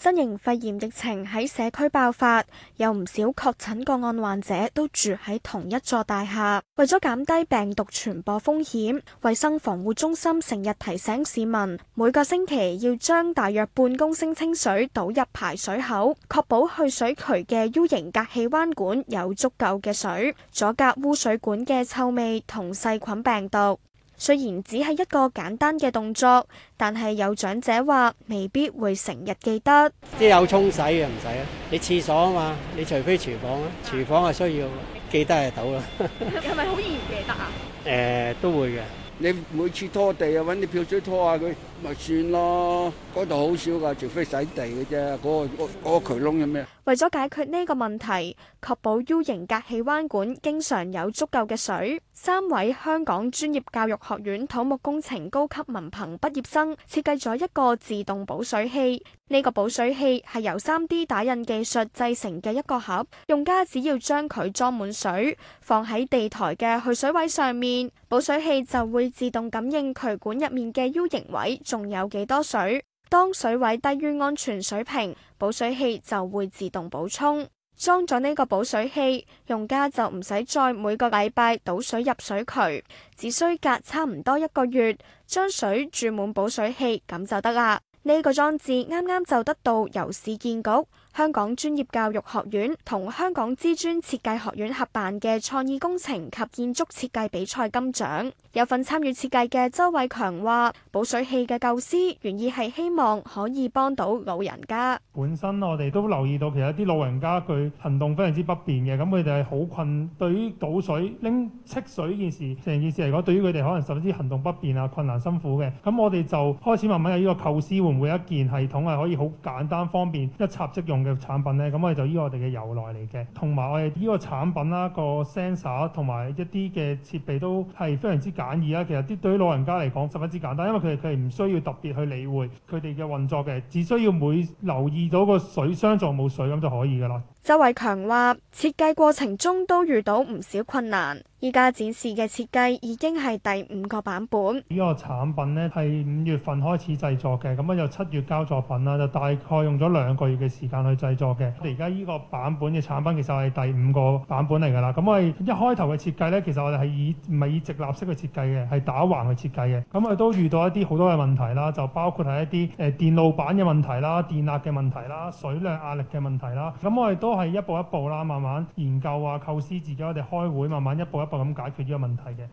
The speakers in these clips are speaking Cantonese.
新型肺炎疫情喺社區爆發，有唔少確診個案患者都住喺同一座大廈。為咗減低病毒傳播風險，衛生防護中心成日提醒市民，每個星期要將大約半公升清水倒入排水口，確保去水渠嘅 U 型隔氣彎管有足夠嘅水，阻隔污水管嘅臭味同細菌病毒。雖然只係一個簡單嘅動作，但係有長者話未必會成日記得。即係有沖洗嘅，唔使啊。你廁所啊嘛，你除非廚房，廚房係需要記得係到啦。係咪好易唔記得啊？誒，都會嘅。你每次拖地啊，搵啲漂水拖下佢，咪算咯。嗰度好少噶，除非洗地嘅啫。嗰個嗰個渠窿有咩？為咗解決呢個問題，確保 U 型隔氣彎管經常有足夠嘅水，三位香港專業教育學院土木工程高級文憑畢業生設計咗一個自動補水器。呢個補水器係由 3D 打印技術製成嘅一個盒，用家只要將佢裝滿水，放喺地台嘅去水位上面，補水器就會自動感應渠管入面嘅 U 型位仲有幾多水。當水位低於安全水平，補水器就會自動補充。裝咗呢個補水器，用家就唔使再每個禮拜倒水入水渠，只需隔差唔多一個月將水注滿補水器咁就得啦。呢個裝置啱啱就得到由市建局香港專業教育學院同香港資專設計學院合辦嘅創意工程及建築設計比賽金獎，有份參與設計嘅周偉強話：補水器嘅構思原意係希望可以幫到老人家。本身我哋都留意到，其實啲老人家佢行動非常之不便嘅，咁佢哋係好困。對於倒水、拎、測水呢件事，成件事嚟講，對於佢哋可能甚至行動不便啊，困難辛苦嘅，咁我哋就開始慢慢有呢個構思，會唔會一件系統係可以好簡單方便、一插即用？嘅產品咧，咁我哋就依我哋嘅由來嚟嘅，同埋我哋呢個產品啦、個 sensor 同埋一啲嘅設備都係非常之簡易啦。其實啲對於老人家嚟講十分之簡單，因為佢哋佢哋唔需要特別去理會佢哋嘅運作嘅，只需要每留意到個水箱仲冇水咁就可以噶咯。周偉強話：設計過程中都遇到唔少困難。而家展示嘅設計已經係第五個版本。呢個產品咧係五月份開始製作嘅，咁啊由七月交作品啦，就大概用咗兩個月嘅時間去製作嘅。而家呢個版本嘅產品其實係第五個版本嚟㗎啦。咁我哋一開頭嘅設計咧，其實我哋係以唔係以直立式嘅設計嘅，係打橫去設計嘅。咁我哋都遇到一啲好多嘅問題啦，就包括係一啲誒電路板嘅問題啦、電壓嘅問題啦、水量壓力嘅問題啦。咁我哋都係一步一步啦，慢慢研究啊、構思，自己我哋開會，慢慢一步一。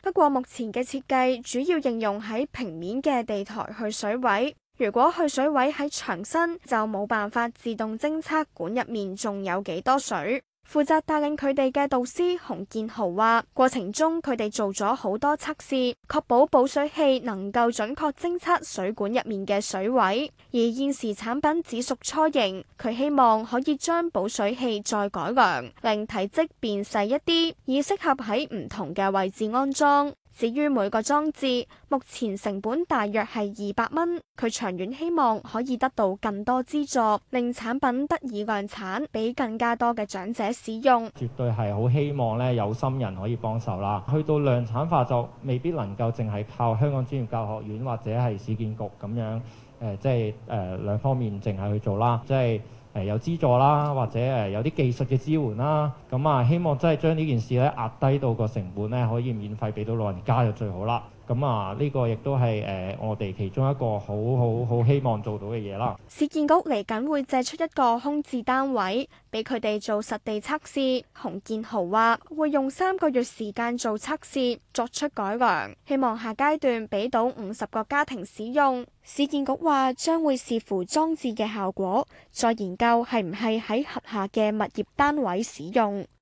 不過目前嘅設計主要應用喺平面嘅地台去水位，如果去水位喺牆身，就冇辦法自動偵測管入面仲有幾多水。負責帶領佢哋嘅導師洪建豪話，過程中佢哋做咗好多測試，確保保水器能夠準確偵測水管入面嘅水位。而現時產品只屬初型，佢希望可以將保水器再改良，令體積變細一啲，以適合喺唔同嘅位置安裝。至於每個裝置，目前成本大約係二百蚊。佢長遠希望可以得到更多資助，令產品得以量產，俾更加多嘅長者使用。絕對係好希望呢，有心人可以幫手啦。去到量產化就未必能夠淨係靠香港專業教學院或者係市建局咁樣誒、呃，即係誒、呃、兩方面淨係去做啦，即係。誒、呃、有資助啦，或者誒、呃、有啲技術嘅支援啦，咁啊希望真係將呢件事咧壓低到個成本咧，可以免費畀到老人家就最好啦。咁啊，呢個亦都係誒我哋其中一個好好好希望做到嘅嘢啦。市建局嚟緊會借出一個空置單位俾佢哋做實地測試，洪建豪話會用三個月時間做測試作出改良，希望下階段俾到五十個家庭使用。市建局話將會視乎裝置嘅效果，再研究係唔係喺轄下嘅物業單位使用。